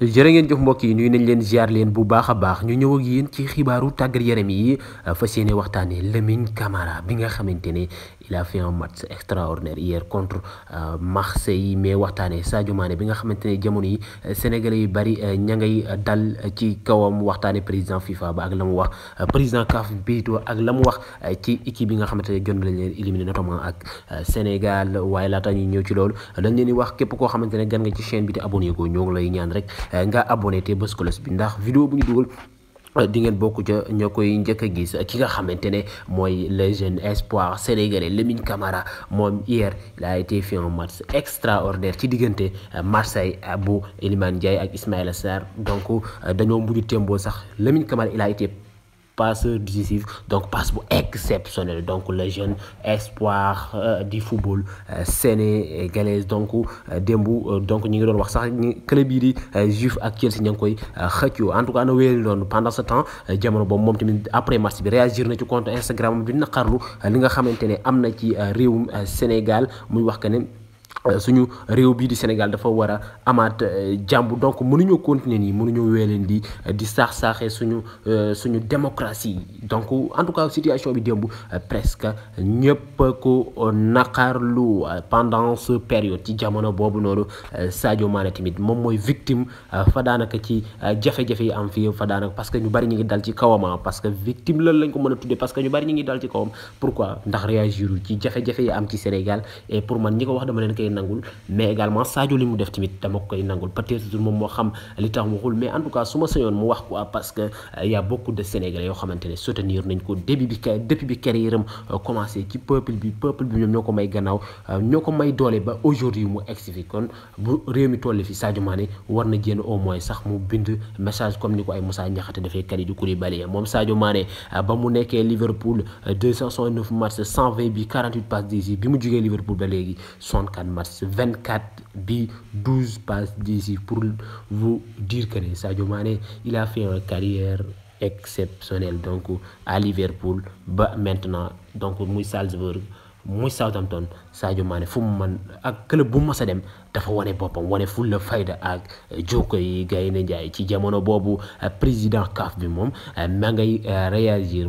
jërë ngeen jëf mbokk yi nuyu nañ leen ziar leen bu baax a baax ñu ñëw ak yéen ci xibaaru tàggat yaram yi fas yéene waxtaanee Lamine Camara bi nga xamante ne il a fait un match extraordinaire hier contre euh, Marseille mais waxtaanee Sadio Mané bi nga xamante ne jamono yi euh, Sénégalais yu bari euh, ña ngay dal ci kawam waxtaanee président FIFA ba ak la mu wax président CAF Beto ak la mu wax ci équipe bi nga xamante ne jot nañ leen éliminé notamment ak Sénégal waaye laata ñuy ñëw ci loolu dañ leen di wax képp koo xamante ne gan nga ci chaîne bi te abonné ko ñoo lay ñaan rek. Eh, nga abonné té bës cloche bi ndax vidéo bu ñu dugal eh, di ngeen bokk ca ñoo koy gis ki nga xamantene moy le jeune espoir sénégalais Lamine Camara mon hier il a été fait un match extraordinaire ci diggante eh, Marseille bu Iliman diaye ak Ismaïla Sarr donc dañoo mujj tembo sax Lamine Camara il a été passeur donc passe exceptionnel donc le jeune espoir euh, du football euh, sénégalais donc euh, démb donc ñu ngi doon wax sax club yi di Juve ak Chelsea ña en tout cas na pendant ce temps dire Mom, après match réagir compte Instagram bi li nga ne Sénégal muy Euh, suñu réew bii di Sénégal dafa war a amaat euh, jàmb donc mënuñoo continuer nii mënuñoo wee leen di euh, di saax saaxe suñu suñu démocratie donc en tout cas situation bi démb presque ñëpp ko naqarlu pendant ce période ci jamono boobu noonu Sadio Mané tamit moom mooy victime fa daanaka ci jafe-jafe yi am fii fa daanaka parce que ñu bari ñu ngi dal ci kawam ah, parce que victime lan lañ ko mën a tuddee parce que ñu bari ñu ngi dal ci kawam pourquoi ndax réagir ci jafe-jafe yi am ci Sénégal et pour man ñi ko wax dama leen mais également Sadio li def tamit dama ko koy nangul peut-être mom mo xam li tax mais en tout cas suma ma mu wax quoi parce que il euh, y a beaucoup de Sénégalais yo xamantene soutenir nañ ko début bi depuis bi carrière commencer euh, commencé ci peuple bi peuple bi ñoom ñoo may gannaaw euh, ñoko may doole ba aujourd'hui mu egsi kon bu réew mi toll fi Sadio Mané war na jéem au moins sax mu bind message comme niko ay Moussa defé dafay du Koulibaly mom Sadio Mané ba mu nekké Liverpool 269 matchs 120 bi 48 passes décisives bi mu jugee Liverpool ba légui 64 24 12 passes d'ici pour vous dire que Sadio Mané il a fait une carrière exceptionnelle donc à Liverpool maintenant donc muy Salzburg muy Southampton Sadio Mané fu man ak club bu ma a dem dafa bopam woné wane le fayda ak jokko yi ci président CAF bi mom ma ngay réagir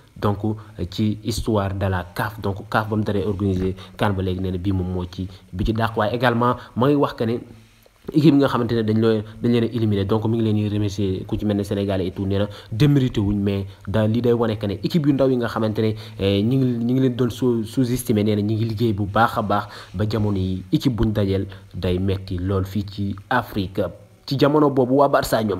donc euh, ci histoire de la CAF donc CAF bam kan ba ci également ma wax que né équipe nga xamantene dañ dañ donc mi ngi leen remercier ku ci Sénégalais et tout néna ou démérité wuñ mais l'idée li day que né équipe yu ndaw yi nga euh, sous estimer néna ñi ngi liggéey bu baax ba équipe day metti lool Afrique ci jamono boobu waa Barça ñoom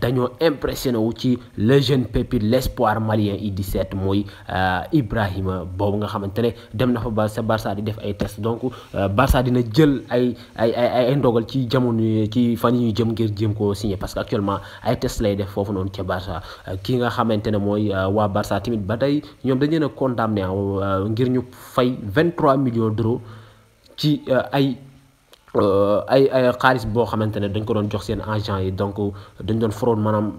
dañoo impressionné wu ci le jeune pépite l'espoir malien di 17 mooy euh, Ibrahima boobu nga xamante ne dem na fa ba sa Barça di def ay test donc euh, Barça dina jël ay ay ay ay ndogal ci jamono ci fan yi jëm ngir jëm ko signé parce que actuellement ay test lay def foofu noonu ca Barça euh, ki nga xamante ne mooy waa Barça tamit ba tey ñoom dañu leen a condamné ngir ñu fay 23 millions d'euros ci ay. Euh, ay ay xaalis boo xamantene dañ ko doon jox seen agent yi donc dañ doon fraude maanaam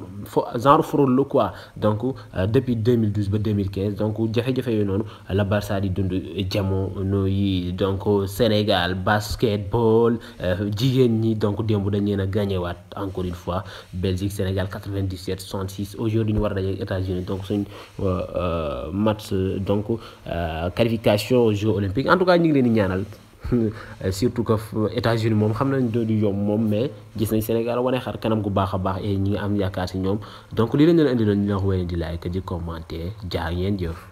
genre fraude la quoi donc euh, depuis 2012 ba 2015 donc jafe-jafe yooyu noonu la Barça di dund jamono yi donc Sénégal basketball euh, jigéen ñi donc démb dañ leen a gagné waat encore une fois Belgique Sénégal 97 66 aujourd'hui ñu war a daje États-Unis donc suñ match donc qualification aux Jeux olympiques en tout cas ñu ngi leen di ñaanal. Euh, surtout que États-Unis moom xam nañ doo di yomb moom mais gis nañ Sénégal wane xar kanam gu baax a baax et ñi ngi am yaakaar si ñoom donc li leen leen andi loon ñu wax wéy di like di commenter jaa ngeen jëf